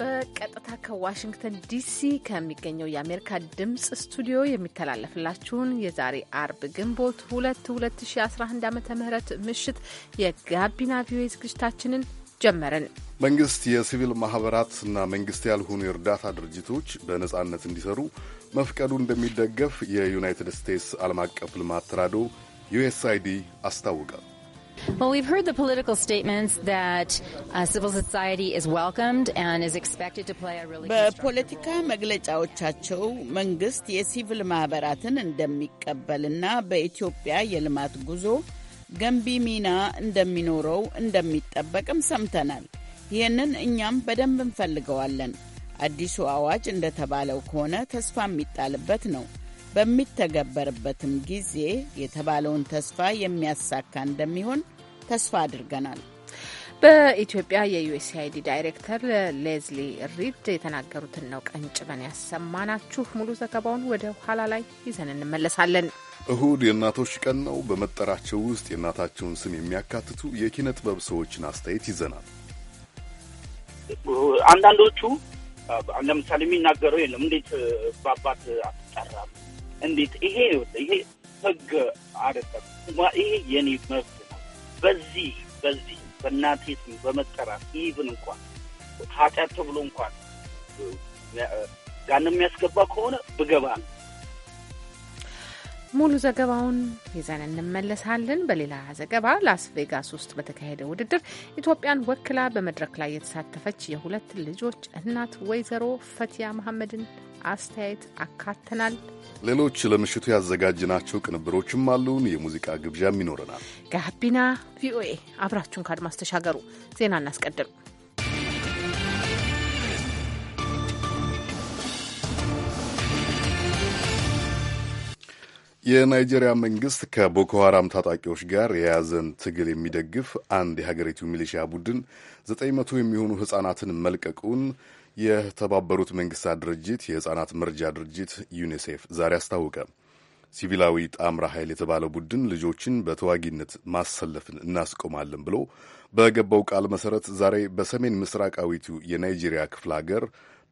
በቀጥታ ከዋሽንግተን ዲሲ ከሚገኘው የአሜሪካ ድምፅ ስቱዲዮ የሚተላለፍላችሁን የዛሬ አርብ ግንቦት ሁለት 2011 ዓ ም ምሽት የጋቢና ቪዮኤ ዝግጅታችንን ጀመረን መንግስት የሲቪል እና መንግስት ያልሆኑ የእርዳታ ድርጅቶች በነጻነት እንዲሰሩ መፍቀዱ እንደሚደገፍ የዩናይትድ ስቴትስ ዓለም አቀፍ ልማት ተራድኦ ዩኤስአይዲ አስታውቃል። Well, we've heard the political statements that uh, civil society is welcomed and is expected to play a really በፖለቲካ መግለጫዎቻቸው መንግስት የሲቪል ማህበራትን እንደሚቀበልና በኢትዮጵያ የልማት ጉዞ ገንቢ ሚና እንደሚኖረው እንደሚጠበቅም ሰምተናል። ይህንን እኛም በደንብ እንፈልገዋለን። አዲሱ አዋጅ እንደተባለው ከሆነ ተስፋ የሚጣልበት ነው። በሚተገበርበትም ጊዜ የተባለውን ተስፋ የሚያሳካ እንደሚሆን ተስፋ አድርገናል። በኢትዮጵያ የዩኤስአይዲ ዳይሬክተር ሌዝሊ ሪድ የተናገሩትን ነው ቀንጭበን ያሰማናችሁ። ሙሉ ዘገባውን ወደ ኋላ ላይ ይዘን እንመለሳለን። እሁድ የእናቶች ቀን ነው። በመጠራቸው ውስጥ የእናታቸውን ስም የሚያካትቱ የኪነ ጥበብ ሰዎችን አስተያየት ይዘናል። አንዳንዶቹ ለምሳሌ የሚናገረው የለም እንዴት በአባት አትጠራም? እንዴት ይሄ ይሄ ህግ አይደለም። ይሄ የኔ መብት በዚህ በዚህ በእናቴ ስም በመጠራት ኢቭን እንኳን ኃጢአት ተብሎ እንኳን ጋን የሚያስገባ ከሆነ ብገባ ነው። ሙሉ ዘገባውን ይዘን እንመለሳለን። በሌላ ዘገባ ላስ ቬጋስ ውስጥ በተካሄደ ውድድር ኢትዮጵያን ወክላ በመድረክ ላይ የተሳተፈች የሁለት ልጆች እናት ወይዘሮ ፈቲያ መሐመድን አስተያየት አካተናል። ሌሎች ለምሽቱ ያዘጋጅናቸው ቅንብሮችም አሉን። የሙዚቃ ግብዣም ይኖረናል። ጋቢና ቪኦኤ አብራችሁን ከአድማስ ተሻገሩ። ዜና እናስቀድም። የናይጄሪያ መንግስት ከቦኮ ሀራም ታጣቂዎች ጋር የያዘን ትግል የሚደግፍ አንድ የሀገሪቱ ሚሊሺያ ቡድን ዘጠኝ መቶ የሚሆኑ ህጻናትን መልቀቁን የተባበሩት መንግስታት ድርጅት የህጻናት መርጃ ድርጅት ዩኒሴፍ ዛሬ አስታወቀ። ሲቪላዊ ጣምራ ኃይል የተባለው ቡድን ልጆችን በተዋጊነት ማሰለፍን እናስቆማለን ብሎ በገባው ቃል መሰረት ዛሬ በሰሜን ምስራቃዊቱ የናይጄሪያ ክፍለ አገር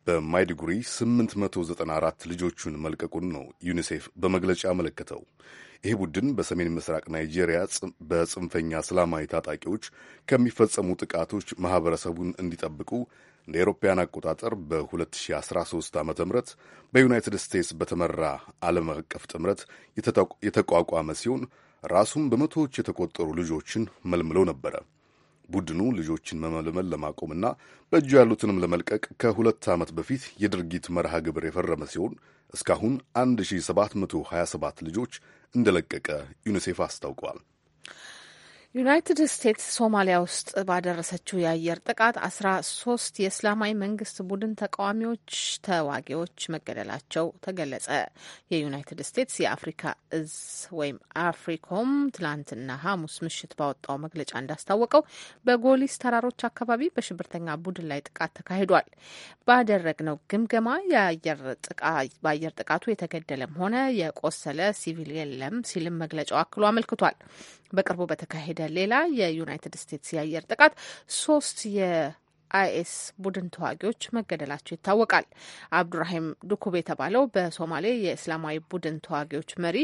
በማይድጉሪ 894 ልጆቹን መልቀቁን ነው ዩኒሴፍ በመግለጫ ያመለከተው። ይህ ቡድን በሰሜን ምስራቅ ናይጄሪያ በጽንፈኛ እስላማዊ ታጣቂዎች ከሚፈጸሙ ጥቃቶች ማኅበረሰቡን እንዲጠብቁ እንደ ኤሮፓያን አቆጣጠር በ2013 ዓ ም በዩናይትድ ስቴትስ በተመራ ዓለም አቀፍ ጥምረት የተቋቋመ ሲሆን ራሱም በመቶዎች የተቆጠሩ ልጆችን መልምለው ነበረ። ቡድኑ ልጆችን መመልመል ለማቆምና በእጁ ያሉትንም ለመልቀቅ ከሁለት ዓመት በፊት የድርጊት መርሃ ግብር የፈረመ ሲሆን እስካሁን 1727 ልጆች እንደለቀቀ ዩኒሴፍ አስታውቀዋል። ዩናይትድ ስቴትስ ሶማሊያ ውስጥ ባደረሰችው የአየር ጥቃት አስራ ሶስት የእስላማዊ መንግስት ቡድን ተቃዋሚዎች ተዋጊዎች መገደላቸው ተገለጸ። የዩናይትድ ስቴትስ የአፍሪካ እዝ ወይም አፍሪኮም ትላንትና ሐሙስ ምሽት ባወጣው መግለጫ እንዳስታወቀው በጎሊስ ተራሮች አካባቢ በሽብርተኛ ቡድን ላይ ጥቃት ተካሂዷል። ባደረግነው ግምገማ በአየር ጥቃቱ የተገደለም ሆነ የቆሰለ ሲቪል የለም ሲልም መግለጫው አክሎ አመልክቷል። በቅርቡ በተካሄደ ሌላ የዩናይትድ ስቴትስ የአየር ጥቃት ሶስት አይኤስ ቡድን ተዋጊዎች መገደላቸው ይታወቃል። አብዱራሂም ዱኩብ የተባለው በሶማሌ የእስላማዊ ቡድን ተዋጊዎች መሪ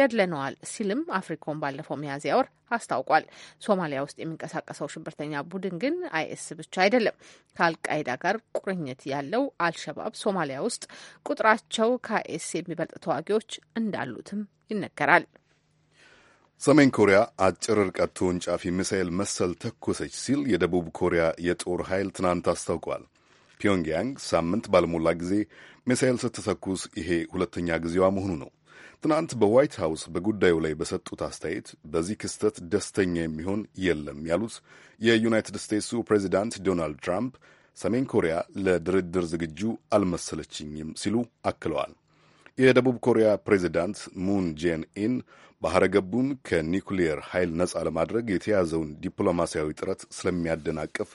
ገድለነዋል ሲልም አፍሪኮን ባለፈው ሚያዝያ ወር አስታውቋል። ሶማሊያ ውስጥ የሚንቀሳቀሰው ሽብርተኛ ቡድን ግን አይኤስ ብቻ አይደለም። ከአልቃይዳ ጋር ቁርኝት ያለው አልሸባብ ሶማሊያ ውስጥ ቁጥራቸው ከአይኤስ የሚበልጥ ተዋጊዎች እንዳሉትም ይነገራል። ሰሜን ኮሪያ አጭር ርቀት ተወንጫፊ ሚሳኤል መሰል ተኮሰች ሲል የደቡብ ኮሪያ የጦር ኃይል ትናንት አስታውቋል። ፒዮንግያንግ ሳምንት ባልሞላ ጊዜ ሚሳኤል ስትተኩስ ይሄ ሁለተኛ ጊዜዋ መሆኑ ነው። ትናንት በዋይት ሃውስ በጉዳዩ ላይ በሰጡት አስተያየት በዚህ ክስተት ደስተኛ የሚሆን የለም ያሉት የዩናይትድ ስቴትሱ ፕሬዚዳንት ዶናልድ ትራምፕ ሰሜን ኮሪያ ለድርድር ዝግጁ አልመሰለችኝም ሲሉ አክለዋል። የደቡብ ኮሪያ ፕሬዚዳንት ሙን ጄን ኢን ባህረ ገቡን ከኒኩሊየር ኃይል ነጻ ለማድረግ የተያዘውን ዲፕሎማሲያዊ ጥረት ስለሚያደናቅፍ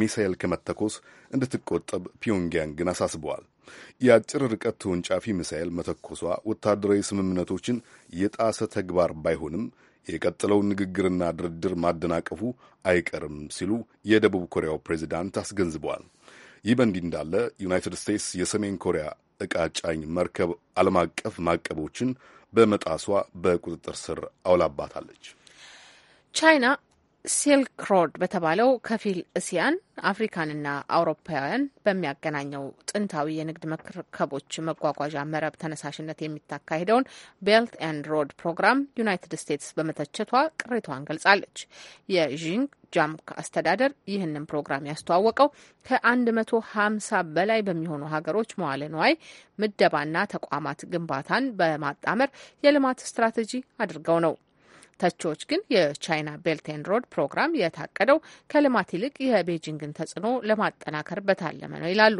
ሚሳኤል ከመተኮስ እንድትቆጠብ ፒዮንግያንግን አሳስበዋል። የአጭር ርቀት ተወንጫፊ ሚሳኤል መተኮሷ ወታደራዊ ስምምነቶችን የጣሰ ተግባር ባይሆንም የቀጥለውን ንግግርና ድርድር ማደናቀፉ አይቀርም ሲሉ የደቡብ ኮሪያው ፕሬዚዳንት አስገንዝበዋል። ይህ በእንዲህ እንዳለ ዩናይትድ ስቴትስ የሰሜን ኮሪያ ዕቃ ጫኝ መርከብ ዓለም አቀፍ ማዕቀቦችን በመጣሷ በቁጥጥር ስር አውላባታለች። ቻይና ሲልክሮድ በተባለው ከፊል እስያን አፍሪካንና አውሮፓውያን በሚያገናኘው ጥንታዊ የንግድ መርከቦች መጓጓዣ መረብ ተነሳሽነት የሚታካሄደውን ቤልት ኤንድ ሮድ ፕሮግራም ዩናይትድ ስቴትስ በመተቸቷ ቅሬቷን ገልጻለች። የዢንግ ጃምክ አስተዳደር ይህንን ፕሮግራም ያስተዋወቀው ከ150 በላይ በሚሆኑ ሀገሮች መዋለ ንዋይ ምደባና ተቋማት ግንባታን በማጣመር የልማት ስትራቴጂ አድርገው ነው። ተቺዎች ግን የቻይና ቤልት ኤንድ ሮድ ፕሮግራም የታቀደው ከልማት ይልቅ የቤጂንግን ተጽዕኖ ለማጠናከር በታለመ ነው ይላሉ።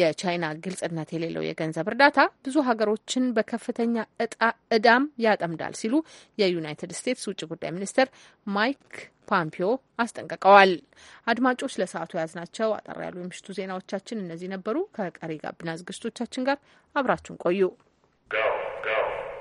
የቻይና ግልጽነት የሌለው የገንዘብ እርዳታ ብዙ ሀገሮችን በከፍተኛ እጣ እዳም ያጠምዳል ሲሉ የዩናይትድ ስቴትስ ውጭ ጉዳይ ሚኒስትር ማይክ ፓምፒዮ አስጠንቅቀዋል። አድማጮች ለሰዓቱ የያዝናቸው አጠር ያሉ የምሽቱ ዜናዎቻችን እነዚህ ነበሩ። ከቀሪ ጋቢና ዝግጅቶቻችን ጋር አብራችሁን ቆዩ።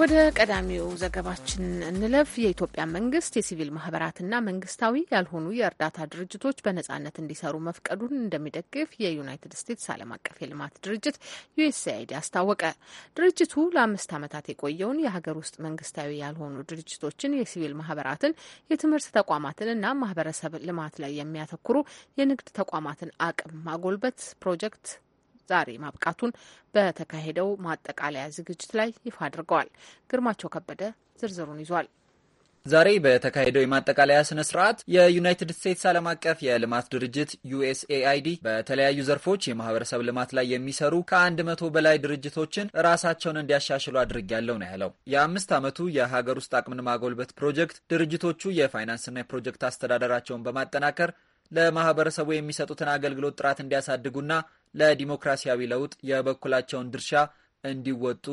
ወደ ቀዳሚው ዘገባችን እንለፍ። የኢትዮጵያ መንግስት የሲቪል ማህበራትና መንግስታዊ ያልሆኑ የእርዳታ ድርጅቶች በነጻነት እንዲሰሩ መፍቀዱን እንደሚደግፍ የዩናይትድ ስቴትስ ዓለም አቀፍ የልማት ድርጅት ዩኤስአይዲ አስታወቀ። ድርጅቱ ለአምስት ዓመታት የቆየውን የሀገር ውስጥ መንግስታዊ ያልሆኑ ድርጅቶችን፣ የሲቪል ማህበራትን፣ የትምህርት ተቋማትን እና ማህበረሰብ ልማት ላይ የሚያተኩሩ የንግድ ተቋማትን አቅም ማጎልበት ፕሮጀክት ዛሬ ማብቃቱን በተካሄደው ማጠቃለያ ዝግጅት ላይ ይፋ አድርገዋል። ግርማቸው ከበደ ዝርዝሩን ይዟል። ዛሬ በተካሄደው የማጠቃለያ ስነ ስርዓት የዩናይትድ ስቴትስ ዓለም አቀፍ የልማት ድርጅት ዩኤስኤአይዲ በተለያዩ ዘርፎች የማህበረሰብ ልማት ላይ የሚሰሩ ከአንድ መቶ በላይ ድርጅቶችን ራሳቸውን እንዲያሻሽሉ አድርጊያለሁ ነው ያለው። የአምስት ዓመቱ የሀገር ውስጥ አቅምን ማጎልበት ፕሮጀክት ድርጅቶቹ የፋይናንስና የፕሮጀክት አስተዳደራቸውን በማጠናከር ለማህበረሰቡ የሚሰጡትን አገልግሎት ጥራት እንዲያሳድጉና ለዲሞክራሲያዊ ለውጥ የበኩላቸውን ድርሻ እንዲወጡ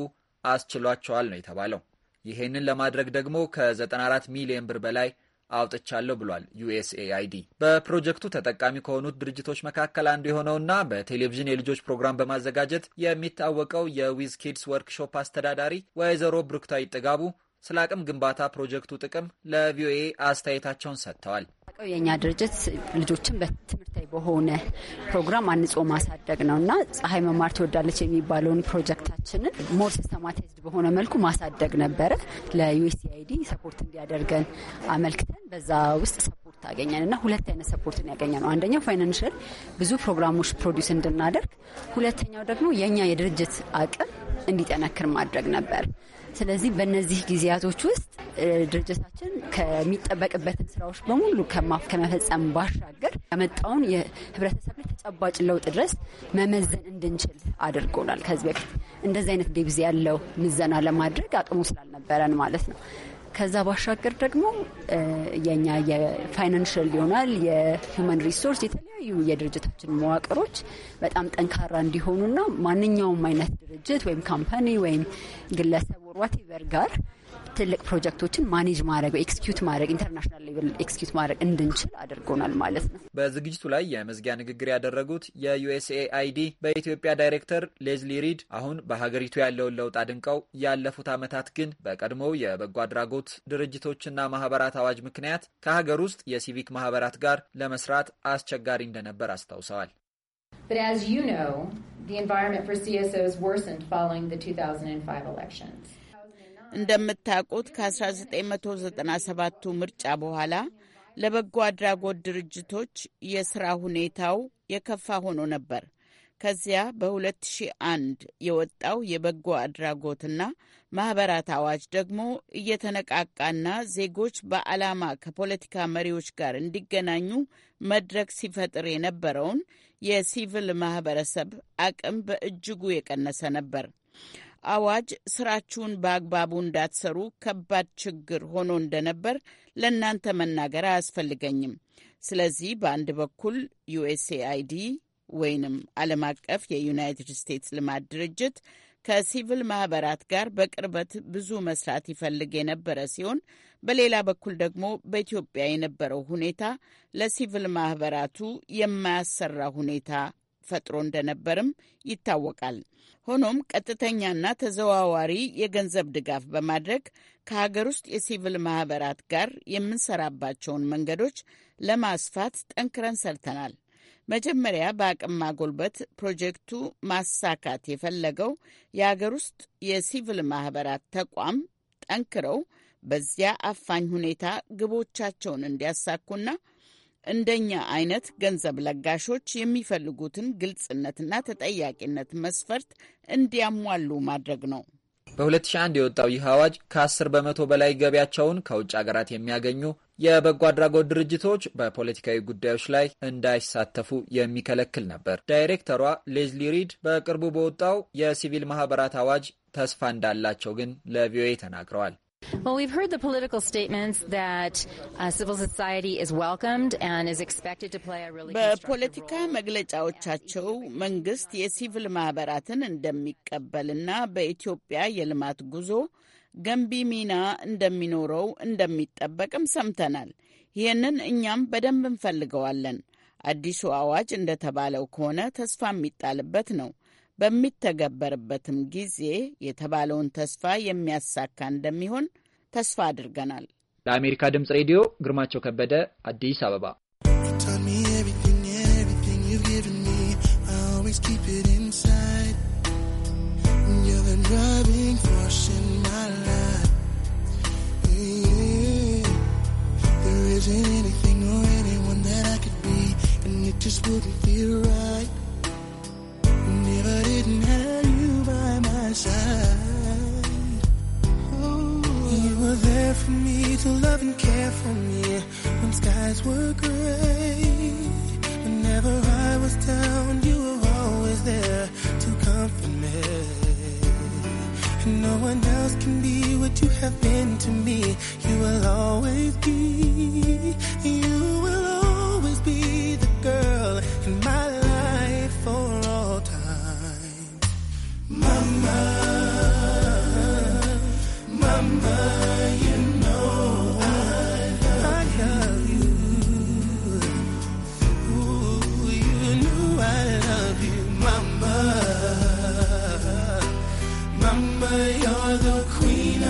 አስችሏቸዋል ነው የተባለው። ይህንን ለማድረግ ደግሞ ከ94 ሚሊዮን ብር በላይ አውጥቻለሁ ብሏል ዩኤስኤአይዲ። በፕሮጀክቱ ተጠቃሚ ከሆኑት ድርጅቶች መካከል አንዱ የሆነውና በቴሌቪዥን የልጆች ፕሮግራም በማዘጋጀት የሚታወቀው የዊዝ ኪድስ ወርክሾፕ አስተዳዳሪ ወይዘሮ ብሩክታዊ ጥጋቡ ስለ አቅም ግንባታ ፕሮጀክቱ ጥቅም ለቪኦኤ አስተያየታቸውን ሰጥተዋል። የእኛ ድርጅት ልጆችን በትምህርታዊ በሆነ ፕሮግራም አንጾ ማሳደግ ነው እና ፀሐይ መማር ትወዳለች የሚባለውን ፕሮጀክታችንን ሞር ሲስተማታይዝድ በሆነ መልኩ ማሳደግ ነበረ። ለዩኤስኤአይዲ ሰፖርት እንዲያደርገን አመልክተን በዛ ውስጥ ሰፖርት አገኘን እና ሁለት አይነት ሰፖርትን ያገኘ ነው። አንደኛው ፋይናንሽል ብዙ ፕሮግራሞች ፕሮዲስ እንድናደርግ፣ ሁለተኛው ደግሞ የእኛ የድርጅት አቅም እንዲጠነክር ማድረግ ነበር። ስለዚህ በእነዚህ ጊዜያቶች ውስጥ ድርጅታችን ከሚጠበቅበትን ስራዎች በሙሉ ከመፈጸም ባሻገር ያመጣውን የህብረተሰብ ላይ ተጨባጭ ለውጥ ድረስ መመዘን እንድንችል አድርጎናል። ከዚህ በፊት እንደዚህ አይነት ጊዜ ያለው ምዘና ለማድረግ አቅሙ ስላልነበረን ማለት ነው። ከዛ ባሻገር ደግሞ የኛ የፋይናንሽል ይሆናል የማን ሪሶርስ የተለያዩ የድርጅታችን መዋቅሮች በጣም ጠንካራ እንዲሆኑና ማንኛውም አይነት ድርጅት ወይም ካምፓኒ ወይም ግለሰብ ወርዋቴቨር ጋር ትልቅ ፕሮጀክቶችን ማኔጅ ማድረግ ኤክስኪዩት ማድረግ ኢንተርናሽናል ሌቭል ኤክስኪዩት ማድረግ እንድንችል አድርጎናል ማለት ነው። በዝግጅቱ ላይ የመዝጊያ ንግግር ያደረጉት የዩኤስኤአይዲ በኢትዮጵያ ዳይሬክተር ሌዝሊ ሪድ አሁን በሀገሪቱ ያለውን ለውጥ አድንቀው ያለፉት ዓመታት ግን በቀድሞው የበጎ አድራጎት ድርጅቶችና ማህበራት አዋጅ ምክንያት ከሀገር ውስጥ የሲቪክ ማህበራት ጋር ለመስራት አስቸጋሪ እንደነበር አስታውሰዋል። But as you know, the environment for CSOs worsened following the 2005 elections. እንደምታውቁት ከ1997ቱ ምርጫ በኋላ ለበጎ አድራጎት ድርጅቶች የሥራ ሁኔታው የከፋ ሆኖ ነበር። ከዚያ በ2001 የወጣው የበጎ አድራጎትና ማኅበራት አዋጅ ደግሞ እየተነቃቃና ዜጎች በዓላማ ከፖለቲካ መሪዎች ጋር እንዲገናኙ መድረክ ሲፈጥር የነበረውን የሲቪል ማኅበረሰብ አቅም በእጅጉ የቀነሰ ነበር። አዋጅ ስራችሁን በአግባቡ እንዳትሰሩ ከባድ ችግር ሆኖ እንደነበር ለእናንተ መናገር አያስፈልገኝም። ስለዚህ በአንድ በኩል ዩኤስኤአይዲ ወይንም ዓለም አቀፍ የዩናይትድ ስቴትስ ልማት ድርጅት ከሲቪል ማህበራት ጋር በቅርበት ብዙ መስራት ይፈልግ የነበረ ሲሆን በሌላ በኩል ደግሞ በኢትዮጵያ የነበረው ሁኔታ ለሲቪል ማህበራቱ የማያሰራ ሁኔታ ፈጥሮ እንደነበርም ይታወቃል። ሆኖም ቀጥተኛና ተዘዋዋሪ የገንዘብ ድጋፍ በማድረግ ከሀገር ውስጥ የሲቪል ማህበራት ጋር የምንሰራባቸውን መንገዶች ለማስፋት ጠንክረን ሰርተናል። መጀመሪያ በአቅም ማጎልበት ፕሮጀክቱ ማሳካት የፈለገው የሀገር ውስጥ የሲቪል ማህበራት ተቋም ጠንክረው በዚያ አፋኝ ሁኔታ ግቦቻቸውን እንዲያሳኩና እንደኛ አይነት ገንዘብ ለጋሾች የሚፈልጉትን ግልጽነትና ተጠያቂነት መስፈርት እንዲያሟሉ ማድረግ ነው። በ2001 የወጣው ይህ አዋጅ ከ10 በመቶ በላይ ገቢያቸውን ከውጭ ሀገራት የሚያገኙ የበጎ አድራጎት ድርጅቶች በፖለቲካዊ ጉዳዮች ላይ እንዳይሳተፉ የሚከለክል ነበር። ዳይሬክተሯ ሌዝሊ ሪድ በቅርቡ በወጣው የሲቪል ማህበራት አዋጅ ተስፋ እንዳላቸው ግን ለቪኦኤ ተናግረዋል። Well, we've heard the political statements that uh, civil society is welcomed and is expected to play a really በፖለቲካ መግለጫዎቻቸው መንግስት የሲቪል ማህበራትን እንደሚቀበልና በኢትዮጵያ የልማት ጉዞ ገንቢ ሚና እንደሚኖረው እንደሚጠበቅም ሰምተናል። ይህንን እኛም በደንብ እንፈልገዋለን። አዲሱ አዋጅ እንደተባለው ከሆነ ተስፋ የሚጣልበት ነው። በሚተገበርበትም ጊዜ የተባለውን ተስፋ የሚያሳካ እንደሚሆን ተስፋ አድርገናል። ለአሜሪካ ድምጽ ሬዲዮ ግርማቸው ከበደ አዲስ አበባ። isn't anything or anyone that I could be, and it just wouldn't feel right. didn't have you by my side. you were there for me to love and care for me when skies were gray. Whenever I was down, you were always there to comfort me. And no one else can be what you have been to me. You will always be. You will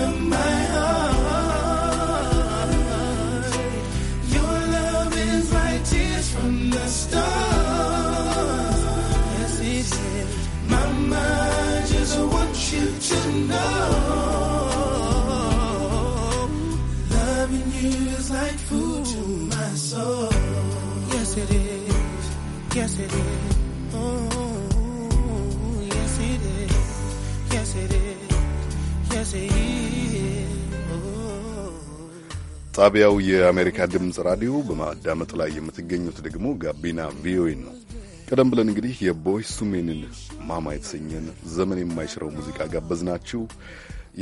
of my heart. ጣቢያው የአሜሪካ ድምፅ ራዲዮ በማዳመጥ ላይ የምትገኙት ደግሞ ጋቢና ቪኦኤን ነው። ቀደም ብለን እንግዲህ የቦይስ ሱሜንን ማማ የተሰኘን ዘመን የማይሽረው ሙዚቃ ጋበዝናችሁ።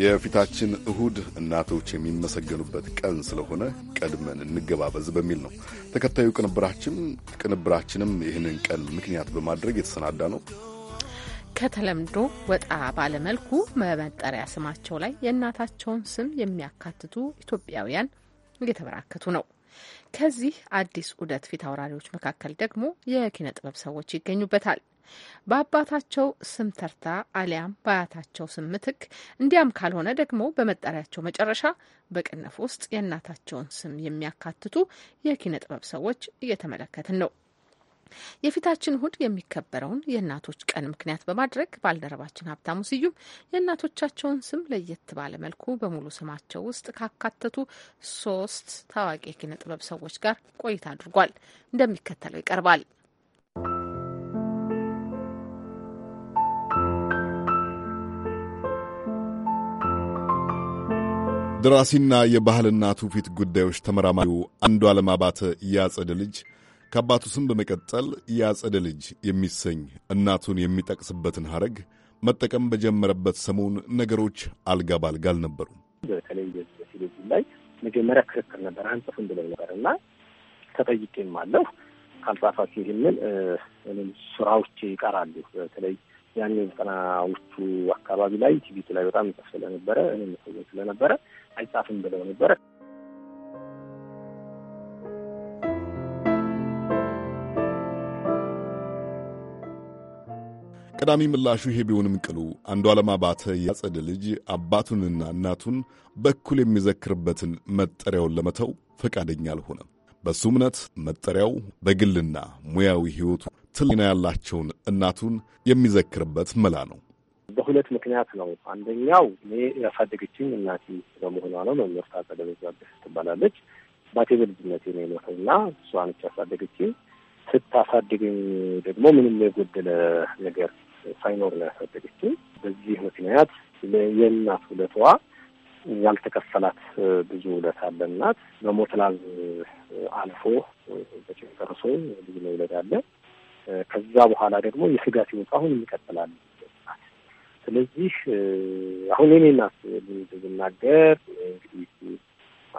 የፊታችን እሁድ እናቶች የሚመሰገኑበት ቀን ስለሆነ ቀድመን እንገባበዝ በሚል ነው። ተከታዩ ቅንብራችን ቅንብራችንም ይህንን ቀን ምክንያት በማድረግ የተሰናዳ ነው። ከተለምዶ ወጣ ባለመልኩ መመጠሪያ ስማቸው ላይ የእናታቸውን ስም የሚያካትቱ ኢትዮጵያውያን እየተበራከቱ ነው። ከዚህ አዲስ ዑደት ፊት አውራሪዎች መካከል ደግሞ የኪነ ጥበብ ሰዎች ይገኙበታል። በአባታቸው ስም ተርታ አሊያም በአያታቸው ስም ምትክ፣ እንዲያም ካልሆነ ደግሞ በመጠሪያቸው መጨረሻ በቅንፍ ውስጥ የእናታቸውን ስም የሚያካትቱ የኪነ ጥበብ ሰዎች እየተመለከትን ነው። የፊታችን እሁድ የሚከበረውን የእናቶች ቀን ምክንያት በማድረግ ባልደረባችን ሀብታሙ ስዩም የእናቶቻቸውን ስም ለየት ባለ መልኩ በሙሉ ስማቸው ውስጥ ካካተቱ ሶስት ታዋቂ የኪነ ጥበብ ሰዎች ጋር ቆይታ አድርጓል። እንደሚከተለው ይቀርባል። ደራሲና የባህልና ትውፊት ጉዳዮች ተመራማሪው አንዷለም አባተ ያጸደ ልጅ ከአባቱ ስም በመቀጠል ያጸደ ልጅ የሚሰኝ እናቱን የሚጠቅስበትን ሐረግ መጠቀም በጀመረበት ሰሞን ነገሮች አልጋ ባልጋ አልነበሩም። በተለይ በቴሌቪዥን ላይ መጀመሪያ ክርክር ነበር። አንጽፍም ብለው ነበር እና ተጠይቄም አለሁ ካልጻፋችሁ ይህንን ስራዎች ይቀራሉ። በተለይ ያኔ ዘጠናዎቹ አካባቢ ላይ ቲቪቱ ላይ በጣም ጽፍ ስለነበረ እኔ ስለነበረ አይጻፍም ብለው ነበረ። ቀዳሚ ምላሹ ይሄ ቢሆንም ቅሉ አንዱ ዓለም አባተ ያጸደ ልጅ አባቱንና እናቱን በኩል የሚዘክርበትን መጠሪያውን ለመተው ፈቃደኛ አልሆነም። በሱ እምነት መጠሪያው በግልና ሙያዊ ሕይወቱ ትልና ያላቸውን እናቱን የሚዘክርበት መላ ነው። በሁለት ምክንያት ነው። አንደኛው እኔ ያሳደገችኝ እናቴ በመሆኗ ነው። መምህርት አጸደ በዛብህ ትባላለች። ባቴ በልጅነት ነው የሞተው እና እሷ ነች ያሳደገችኝ። ስታሳድገኝ ደግሞ ምንም የጎደለ ነገር ሳይኖር ነው ያሳደገችኝ። በዚህ ምክንያት የእናት ውለቷዋ ያልተከፈላት ብዙ ውለት አለ። እናት በሞትላዝ አልፎ በጭንቀርሶ ደርሶ ልጅ መውለድ አለ። ከዛ በኋላ ደግሞ የስጋት ሲወጣ አሁን እንቀጥላለን። ስለዚህ አሁን የኔ እናት ብናገር እንግዲህ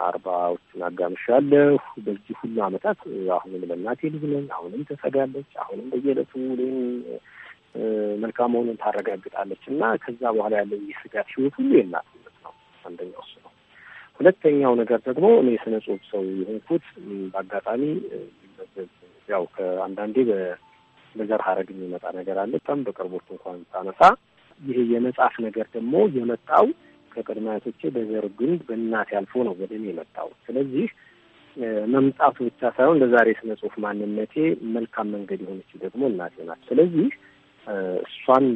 አርባዎችን አጋምሻለሁ። በዚህ ሁሉ አመታት አሁንም ለእናቴ ልጅ ነኝ። አሁንም ተሰጋለች። አሁንም በየዕለቱ እኔን መልካም መሆኑን ታረጋግጣለች እና ከዛ በኋላ ያለው የስጋት ህይወት ሁሉ የእናትነት ነው። አንደኛው እሱ ነው። ሁለተኛው ነገር ደግሞ እኔ የስነ ጽሁፍ ሰው የሆንኩት በአጋጣሚ ያው ከአንዳንዴ በዘር ሀረግ የሚመጣ ነገር አለ። በጣም በቅርቦች እንኳን ሳነሳ ይሄ የመጽሐፍ ነገር ደግሞ የመጣው ከቅድመ አያቶቼ በዘር ግንድ በእናት ያልፎ ነው ወደ እኔ የመጣው። ስለዚህ መምጣቱ ብቻ ሳይሆን ለዛሬ ስነ ጽሁፍ ማንነቴ መልካም መንገድ የሆነችው ደግሞ እናቴ ናት። ስለዚህ እሷን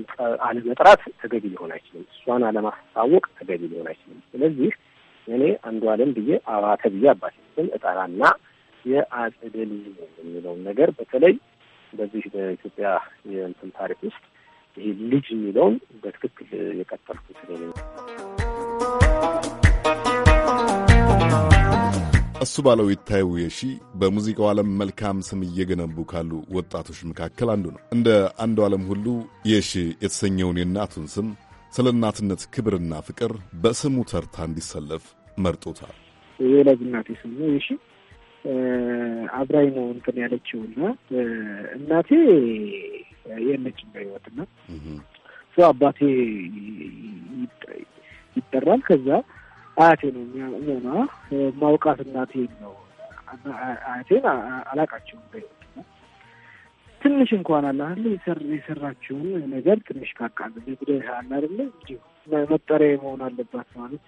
አለመጥራት ተገቢ ሊሆን አይችልም። እሷን አለማስታወቅ ተገቢ ሊሆን አይችልም። ስለዚህ እኔ አንዱ አለም ብዬ አባተ ብዬ አባቴ ስም እጠራና የአጽደ ልጅ የሚለውን ነገር በተለይ በዚህ በኢትዮጵያ የእንትን ታሪክ ውስጥ ይህ ልጅ የሚለውን በትክክል የቀጠልኩት ስለሆነ እሱ ባለው ይታየው የሺ በሙዚቃው ዓለም መልካም ስም እየገነቡ ካሉ ወጣቶች መካከል አንዱ ነው። እንደ አንዱ ዓለም ሁሉ የሺ የተሰኘውን የእናቱን ስም ስለ እናትነት ክብርና ፍቅር በስሙ ተርታ እንዲሰለፍ መርጦታል። የወላጅ እናቴ ስም ነው የሺ። አብራኝ ነው እንትን ያለችውና እናቴ የለችም በሕይወትና አባቴ ይጠራል ከዛ አያቴ ነው ሆና ማውቃት እናቴን ነው። አያቴን አላቃቸውም በሕይወት ትንሽ እንኳን አላህል የሰራችውን ነገር ትንሽ ካቃል ጉዳይ አላደለ እንዲሁ መጠሪያ መሆን አለባት ማለት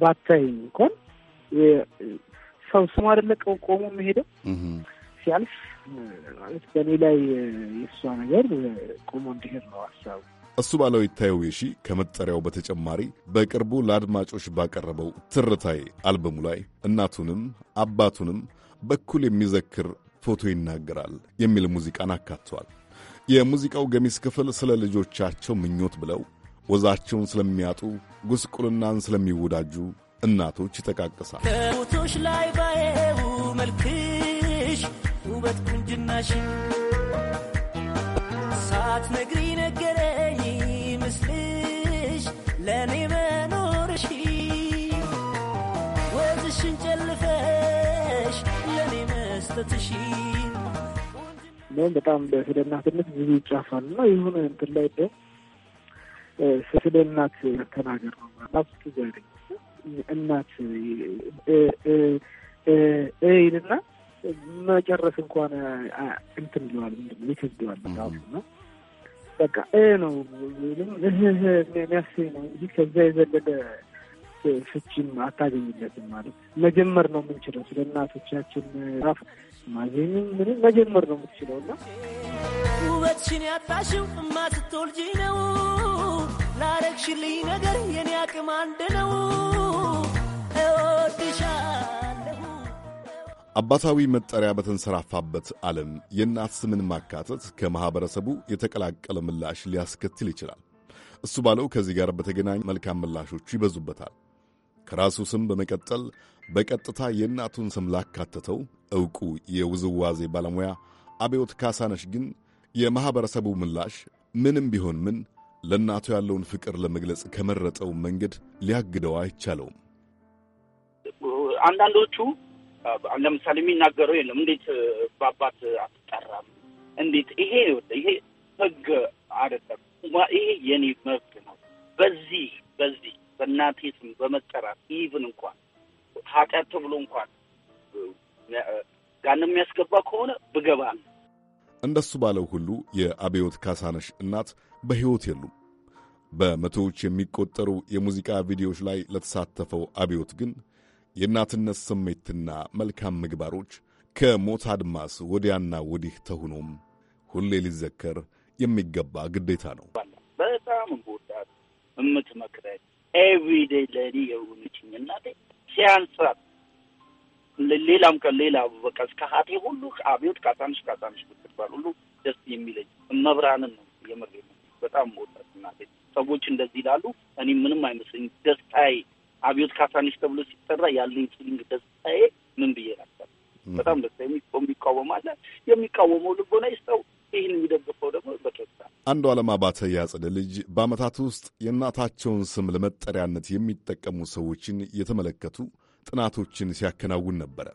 ባታይኝ እንኳን ሰው ስም አደለ ቆሞ መሄደው ሲያልፍ ማለት በእኔ ላይ የእሷ ነገር ቆሞ እንዲሄድ ነው ሀሳቡ። እሱ ባለው ይታየው የሺ ከመጠሪያው በተጨማሪ በቅርቡ ለአድማጮች ባቀረበው ትርታይ አልበሙ ላይ እናቱንም አባቱንም በኩል የሚዘክር ፎቶ ይናገራል የሚል ሙዚቃን አካቷል። የሙዚቃው ገሚስ ክፍል ስለ ልጆቻቸው ምኞት ብለው ወዛቸውን ስለሚያጡ፣ ጉስቁልናን ስለሚወዳጁ እናቶች ይጠቃቅሳል። ፎቶች ላይ ባየው መልክሽ ውበት ቁንጅናሽ ነግሪ እንደውም በጣም ስለ እናትነት ብዙ ይጫፋል እና የሆነ እንትን ላይ እንደውም ስለ እናት መተናገር ነው ና ጊዜ አይደለም እናት ይልና መጨረስ እንኳን እንትን ይለዋል። ምንድን ነው ይከብደዋል በጣም እና በቃ ነው ሚያስ ነው ከዛ የዘለለ ፍቺም አታገኝለትም ማለት መጀመር ነው የምንችለው። ስለ እናቶቻችን ራፍ ማዜንም ምንም መጀመር ነው የምትችለው እና ውበትሽን ያጣሽው ስትወልጂ ነው ላረግሽልኝ ነገር የኔ አቅም አንድ ነው። አባታዊ መጠሪያ በተንሰራፋበት ዓለም የእናት ስምን ማካተት ከማኅበረሰቡ የተቀላቀለ ምላሽ ሊያስከትል ይችላል። እሱ ባለው ከዚህ ጋር በተገናኝ መልካም ምላሾቹ ይበዙበታል። ከራሱ ስም በመቀጠል በቀጥታ የእናቱን ስም ላካተተው ዕውቁ የውዝዋዜ ባለሙያ አብዮት ካሳነሽ ግን የማኅበረሰቡ ምላሽ ምንም ቢሆን ምን ለእናቱ ያለውን ፍቅር ለመግለጽ ከመረጠው መንገድ ሊያግደው አይቻለውም። አንዳንዶቹ ለምሳሌ የሚናገረው የለም እንዴት በአባት አትጠራም? እንዴት ይሄ ይሄ ህግ አይደለም። ይሄ የኔ መብት ነው። በዚህ በዚህ በእናቴ ስም በመጠራት ኢቭን እንኳን ኃጢአት ተብሎ እንኳን ጋን የሚያስገባ ከሆነ ብገባ ነው። እንደሱ ባለው ሁሉ የአብዮት ካሳነሽ እናት በሕይወት የሉም። በመቶዎች የሚቆጠሩ የሙዚቃ ቪዲዮዎች ላይ ለተሳተፈው አብዮት ግን የእናትነት ስሜትና መልካም ምግባሮች ከሞት አድማስ ወዲያና ወዲህ ተሁኖም ሁሌ ሊዘከር የሚገባ ግዴታ ነው። በጣም እምወዳት፣ እምትመክረኝ፣ ኤቭሪዴ ለእኔ የሆነችኝ እናቴ ሲያንስራት ሌላም ከሌላ ሌላ በቃ እስከ ሀቴ ሁሉ አብዮት ካሳንሽ ካሳንሽ ብትባል ሁሉ ደስ የሚለኝ መብራንን ነው። የምር በጣም ወጣት እናቴ። ሰዎች እንደዚህ ይላሉ፣ እኔ ምንም አይመስለኝ። ደስታዬ አብዮት ካሳንሽ ተብሎ ሲጠራ ያለኝ ፊሊንግ ደስታዬ ምን ብዬ ላሳል። በጣም ደስታ የሚቃወም አለ። የሚቃወመው ልቦና ይስጠው፣ ይህን የሚደግፈው ደግሞ በተወሳ አንዱ ዓለም አባተ ያጸደ ልጅ በዓመታት ውስጥ የእናታቸውን ስም ለመጠሪያነት የሚጠቀሙ ሰዎችን የተመለከቱ ጥናቶችን ሲያከናውን ነበረ።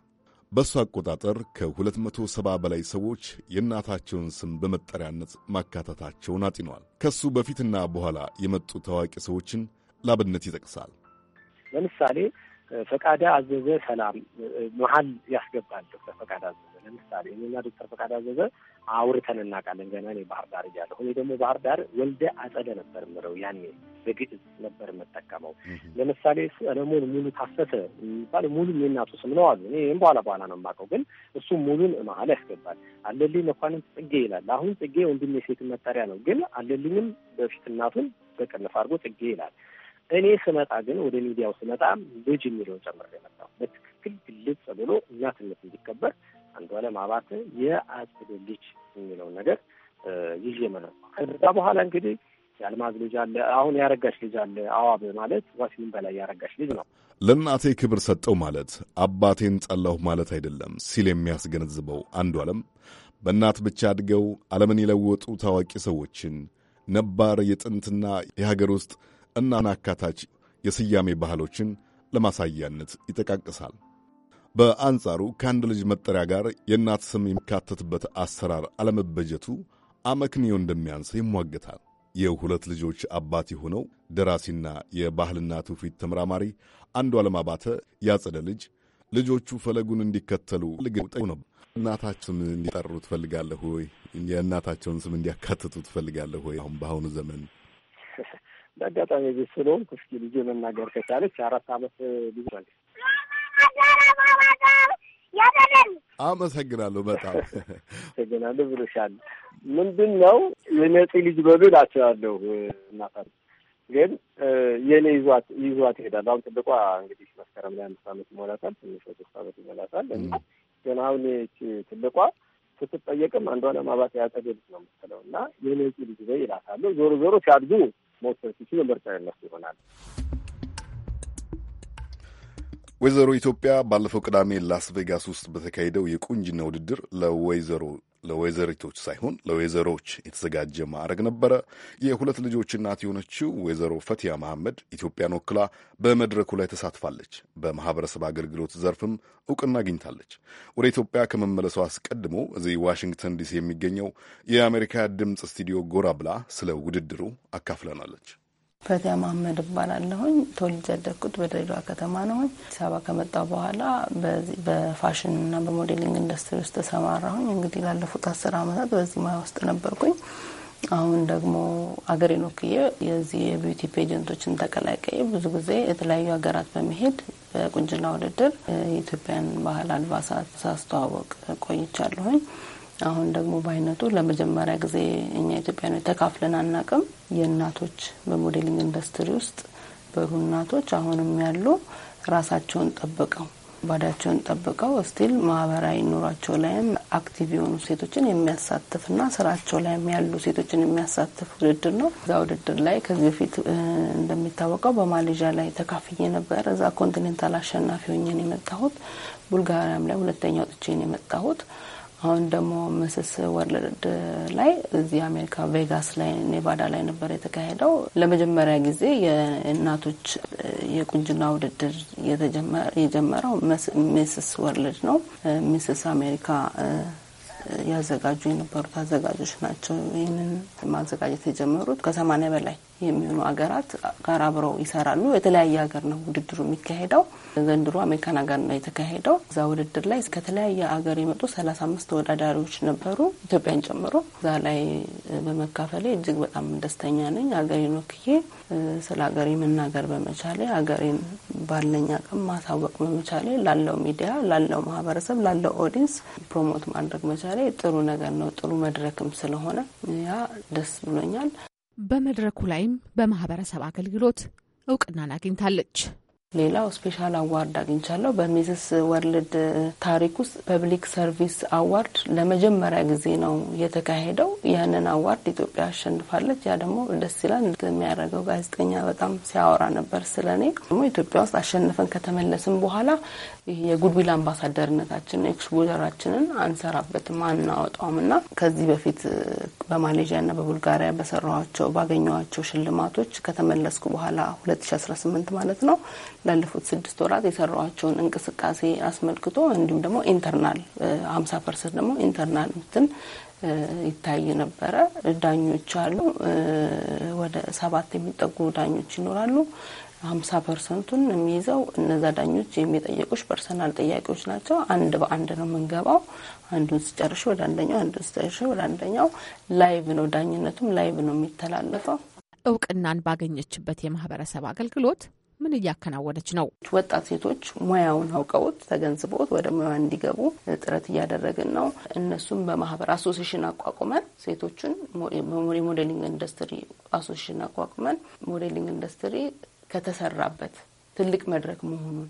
በእሱ አቆጣጠር ከ270 በላይ ሰዎች የእናታቸውን ስም በመጠሪያነት ማካተታቸውን አጢኗል። ከሱ በፊትና በኋላ የመጡ ታዋቂ ሰዎችን ላብነት ይጠቅሳል። ለምሳሌ ፈቃደ አዘዘ ሰላም መሀል ያስገባል ዶክተር ፈቃደ አዘዘ። ለምሳሌ እኔና ዶክተር ፈቃደ አዘዘ አውርተን እናውቃለን። ገና እኔ ባህር ዳር እያለሁ እኔ ደግሞ ባህር ዳር ወልደ አጸደ ነበር ምለው ያኔ በግዕዝ ነበር የምጠቀመው። ለምሳሌ ሰለሞን ሙሉ ታፈተ የሚባል ሙሉም የእናቱ ስም ነው አሉ። እኔ ይህም በኋላ በኋላ ነው የማውቀው፣ ግን እሱ ሙሉን መሀል ያስገባል። አለልኝ መኳንም ጽጌ ይላል። አሁን ጽጌ ወንድም የሴትን መጠሪያ ነው፣ ግን አለልኝም በፊት እናቱን በቅንፍ አድርጎ ጽጌ ይላል። እኔ ስመጣ ግን ወደ ሚዲያው ስመጣ ልጅ የሚለውን ጨምር የመጣው በትክክል ግልጽ ብሎ እናትነት እንዲከበር አንዷለም አባተ የአጽድ ልጅ የሚለውን ነገር ይዤ መለስ። ከዛ በኋላ እንግዲህ የአልማዝ ልጅ አለ፣ አሁን ያረጋሽ ልጅ አለ። አዋብ ማለት ዋሲም በላይ ያረጋሽ ልጅ ነው። ለእናቴ ክብር ሰጠው ማለት አባቴን ጠላሁ ማለት አይደለም ሲል የሚያስገነዝበው አንዷለም በእናት ብቻ አድገው ዓለምን የለወጡ ታዋቂ ሰዎችን ነባር የጥንትና የሀገር ውስጥ እናና አካታች የስያሜ ባህሎችን ለማሳያነት ይጠቃቅሳል። በአንጻሩ ከአንድ ልጅ መጠሪያ ጋር የእናት ስም የሚካተትበት አሰራር አለመበጀቱ አመክንዮ እንደሚያንስ ይሟገታል። የሁለት ልጆች አባት የሆነው ደራሲና የባህልና ትውፊት ተመራማሪ አንዱ አባተ ያጸደ ልጅ ልጆቹ ፈለጉን እንዲከተሉ ልገጠው ነው። እናታቸው ስም እንዲጠሩ ትፈልጋለሁ ወይ? የእናታቸውን ስም እንዲያካትቱ ትፈልጋለሁ ወይ? አሁን በአሁኑ ዘመን በአጋጣሚ ቤት ስለሆንኩ እስኪ ልጅ መናገር ከቻለች አራት አመት ልጅ አመሰግናለሁ። በጣም አመሰግናለሁ ብሎሻል። ምንድን ነው የነጺ ልጅ በሉ አቸዋለሁ እናታ ግን የእኔ ይዟት ይዟት ይሄዳል። አሁን ትልቋ እንግዲህ መስከረም ላይ አምስት አመት ይሞላታል። ትንሽ ሶስት አመት ይሞላታል። እና ግን አሁን ትልቋ ስትጠየቅም አንዷ ለማባት ያጠገብት ነው ምትለው እና የነጺ ልጅ በይ ይላታለሁ። ዞሮ ዞሮ ሲያድጉ መወሰን ሲችሉ ምርጫ የነሱ ይሆናል። ወይዘሮ ኢትዮጵያ ባለፈው ቅዳሜ ላስ ቬጋስ ውስጥ በተካሄደው የቁንጅና ውድድር ለወይዘሮ ለወይዘሪቶች ሳይሆን ለወይዘሮች የተዘጋጀ ማዕረግ ነበረ። የሁለት ልጆች እናት የሆነችው ወይዘሮ ፈቲያ መሐመድ ኢትዮጵያን ወክላ በመድረኩ ላይ ተሳትፋለች። በማህበረሰብ አገልግሎት ዘርፍም እውቅና አግኝታለች። ወደ ኢትዮጵያ ከመመለሷ አስቀድሞ እዚህ ዋሽንግተን ዲሲ የሚገኘው የአሜሪካ ድምፅ ስቱዲዮ ጎራ ብላ ስለ ውድድሩ አካፍለናለች። ፈቲያ ማህመድ እባላለሁኝ። ተወልጄ ያደግኩት በድሬዳዋ ከተማ ነው። አዲስ አበባ ከመጣሁ በኋላ በፋሽንና በሞዴሊንግ ኢንዱስትሪ ውስጥ ተሰማራሁኝ። እንግዲህ ላለፉት አስር አመታት በዚህ ሙያ ውስጥ ነበርኩኝ። አሁን ደግሞ አገሬ ኖክዬ የዚህ የቢዩቲ ፔጀንቶችን ተቀላቀይ። ብዙ ጊዜ የተለያዩ ሀገራት በመሄድ በቁንጅና ውድድር የኢትዮጵያን ባህል አልባሳት ሳስተዋወቅ ቆይቻለሁኝ። አሁን ደግሞ በአይነቱ ለመጀመሪያ ጊዜ እኛ ኢትዮጵያን ተካፍለን አናቅም። የእናቶች በሞዴሊንግ ኢንዱስትሪ ውስጥ በሩ እናቶች አሁንም ያሉ ራሳቸውን ጠብቀው ባዳቸውን ጠብቀው ስቲል ማህበራዊ ኑሯቸው ላይም አክቲቭ የሆኑ ሴቶችን የሚያሳትፍና ስራቸው ላይም ያሉ ሴቶችን የሚያሳትፍ ውድድር ነው። እዛ ውድድር ላይ ከዚህ በፊት እንደሚታወቀው በማሌዥያ ላይ ተካፍዬ ነበር። እዛ ኮንቲኔንታል አሸናፊ ሆኜን የመጣሁት ቡልጋሪያም ላይ ሁለተኛ ወጥቼን የመጣሁት አሁን ደግሞ ምስስ ወርልድ ላይ እዚህ አሜሪካ ቬጋስ ላይ ኔቫዳ ላይ ነበር የተካሄደው። ለመጀመሪያ ጊዜ የእናቶች የቁንጅና ውድድር የጀመረው ሚስስ ወርልድ ነው። ሚስስ አሜሪካ ያዘጋጁ የነበሩት አዘጋጆች ናቸው። ይህንን ማዘጋጀት የጀመሩት ከሰማኒያ በላይ የሚሆኑ ሀገራት ጋር አብረው ይሰራሉ። የተለያየ ሀገር ነው ውድድሩ የሚካሄደው። ዘንድሮ አሜሪካን ሀገር ነው የተካሄደው። እዛ ውድድር ላይ ከተለያየ ሀገር የመጡ ሰላሳ አምስት ተወዳዳሪዎች ነበሩ ኢትዮጵያን ጨምሮ። እዛ ላይ በመካፈሌ እጅግ በጣም ደስተኛ ነኝ። ሀገሬን ወክዬ ስለ ሀገሬ መናገር በመቻሌ ሀገሬን ባለኝ አቅም ማሳወቅ በመቻሌ ላለው ሚዲያ፣ ላለው ማህበረሰብ፣ ላለው ኦዲንስ ፕሮሞት ማድረግ መቻሌ ጥሩ ነገር ነው። ጥሩ መድረክም ስለሆነ ያ ደስ ብሎኛል። በመድረኩ ላይም በማህበረሰብ አገልግሎት እውቅናን አግኝታለች። ሌላው ስፔሻል አዋርድ አግኝቻለሁ። በሚስስ ወርልድ ታሪክ ውስጥ ፐብሊክ ሰርቪስ አዋርድ ለመጀመሪያ ጊዜ ነው የተካሄደው። ያንን አዋርድ ኢትዮጵያ አሸንፋለች። ያ ደግሞ ደስ ይላል። የሚያደርገው ጋዜጠኛ በጣም ሲያወራ ነበር ስለ እኔ። ደግሞ ኢትዮጵያ ውስጥ አሸንፈን ከተመለስን በኋላ የጉድዊል አምባሳደርነታችንን ኤክስፖዘራችንን አንሰራበትም፣ አናወጣውም እና ከዚህ በፊት በማሌዥያና በቡልጋሪያ በሰራቸው ባገኘዋቸው ሽልማቶች ከተመለስኩ በኋላ 2018 ማለት ነው ላለፉት ስድስት ወራት የሰሯቸውን እንቅስቃሴ አስመልክቶ እንዲሁም ደግሞ ኢንተርናል ሀምሳ ፐርሰንት ደግሞ ኢንተርናል እንትን ይታይ ነበረ። ዳኞች አሉ፣ ወደ ሰባት የሚጠጉ ዳኞች ይኖራሉ። ሀምሳ ፐርሰንቱን የሚይዘው እነዛ ዳኞች የሚጠየቁች ፐርሰናል ጥያቄዎች ናቸው። አንድ በአንድ ነው የምንገባው። አንዱን ስጨርሽ ወደ አንደኛው፣ አንዱን ስጨርሽ ወደ አንደኛው። ላይቭ ነው ዳኝነቱም ላይቭ ነው የሚተላለፈው። እውቅናን ባገኘችበት የማህበረሰብ አገልግሎት ምን እያከናወነች ነው? ወጣት ሴቶች ሙያውን አውቀውት ተገንዝበውት ወደ ሙያ እንዲገቡ ጥረት እያደረግን ነው። እነሱም በማህበር አሶሴሽን አቋቁመን ሴቶቹን የሞዴሊንግ ኢንዱስትሪ አሶሴሽን አቋቁመን ሞዴሊንግ ኢንዱስትሪ ከተሰራበት ትልቅ መድረክ መሆኑን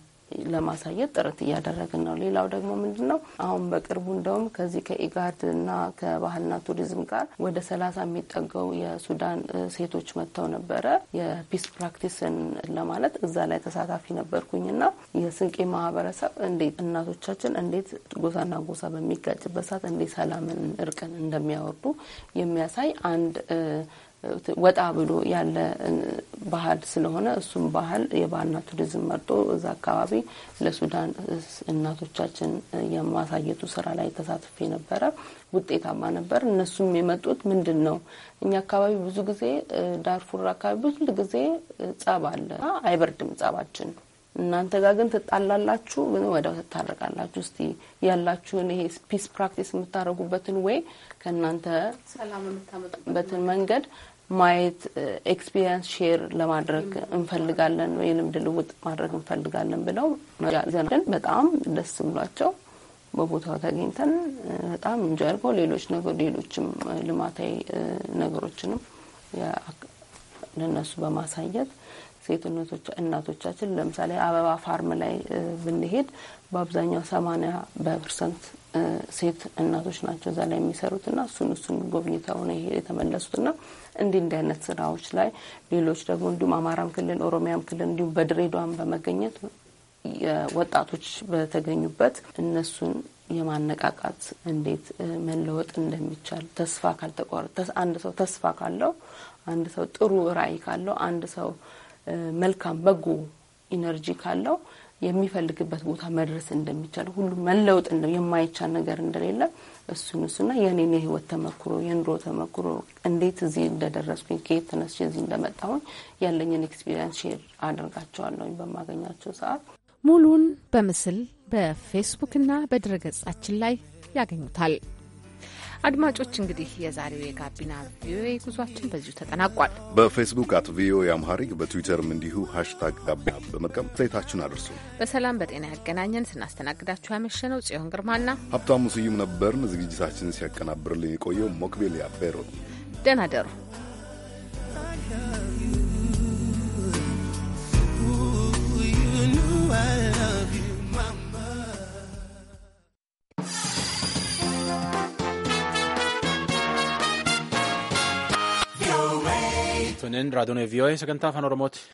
ለማሳየት ጥረት እያደረግን ነው። ሌላው ደግሞ ምንድን ነው አሁን በቅርቡ እንደውም ከዚህ ከኢጋድ እና ከባህልና ቱሪዝም ጋር ወደ ሰላሳ የሚጠገው የሱዳን ሴቶች መጥተው ነበረ የፒስ ፕራክቲስን ለማለት እዛ ላይ ተሳታፊ ነበርኩኝና የስንቄ ማህበረሰብ እንዴት እናቶቻችን እንዴት ጎሳና ጎሳ በሚጋጭበት ሰዓት እንዴት ሰላምን፣ እርቅን እንደሚያወርዱ የሚያሳይ አንድ ወጣ ብሎ ያለ ባህል ስለሆነ እሱም ባህል የባህልና ቱሪዝም መርጦ እዛ አካባቢ ለሱዳን እናቶቻችን የማሳየቱ ስራ ላይ ተሳትፌ ነበረ። ውጤታማ ነበር። እነሱም የመጡት ምንድን ነው እኛ አካባቢ ብዙ ጊዜ ዳርፉር አካባቢ ብዙ ጊዜ ጸብ አለ። አይበርድም ጸባችን እናንተ ጋር ግን ትጣላላችሁ፣ ግን ወዲያው ትታረቃላችሁ። እስቲ ያላችሁን ይሄ ፒስ ፕራክቲስ የምታደርጉበትን ወይ ከእናንተ ሰላም የምታመጡበትን መንገድ ማየት ኤክስፒሪንስ ሼር ለማድረግ እንፈልጋለን ወይ ልምድ ልውጥ ማድረግ እንፈልጋለን ብለው ግን በጣም ደስ ብሏቸው በቦታው ተገኝተን በጣም እንጂ አድርገው ሌሎች ሌሎችም ልማታዊ ነገሮችንም ለእነሱ በማሳየት ሴት እናቶቻችን ለምሳሌ አበባ ፋርም ላይ ብንሄድ በአብዛኛው ሰማኒያ በፐርሰንት ሴት እናቶች ናቸው እዛ ላይ ና እሱን እሱን ጎብኝታ ሆነ ይሄ የተመለሱትና እንዲህ እንዲህ አይነት ስራዎች ላይ ሌሎች ደግሞ እንዲሁም አማራም ክልል ኦሮሚያም ክልል እንዲሁም በድሬዳዋም በመገኘት ወጣቶች በተገኙበት እነሱን የማነቃቃት እንዴት መለወጥ እንደሚቻል ተስፋ ካልተቆረ አንድ ሰው ተስፋ ካለው አንድ ሰው ጥሩ ራዕይ ካለው አንድ ሰው መልካም በጎ ኢነርጂ ካለው የሚፈልግበት ቦታ መድረስ እንደሚቻል ሁሉም መለወጥ የማይቻል ነገር እንደሌለ እሱን እሱና የኔን የህይወት ተመክሮ የኑሮ ተመክሮ እንዴት እዚህ እንደደረስኩኝ ከየት ተነስቼ እዚህ እንደመጣሁኝ ያለኝን ኤክስፒሪንስ ሼር አደርጋቸዋለሁኝ በማገኛቸው ሰዓት። ሙሉን በምስል በፌስቡክና በድረገጻችን ላይ ያገኙታል። አድማጮች እንግዲህ የዛሬው የጋቢና ቪኦኤ ጉዟችን በዚሁ ተጠናቋል። በፌስቡክ አት ቪኦኤ አምሃሪክ በትዊተርም እንዲሁ ሃሽታግ ጋቢና በመጠቀም አስተያየታችሁን አድርሱ። በሰላም በጤና ያገናኘን። ስናስተናግዳችሁ ያመሸነው ጽዮን ግርማና ሀብታሙ ስዩም ነበርን። ዝግጅታችንን ሲያቀናብርልን የቆየው ሞክቤል ያቤሮ። ደህና ደሩ። sunin raadiyoon EVO'e sagantaa afaan Oromooti.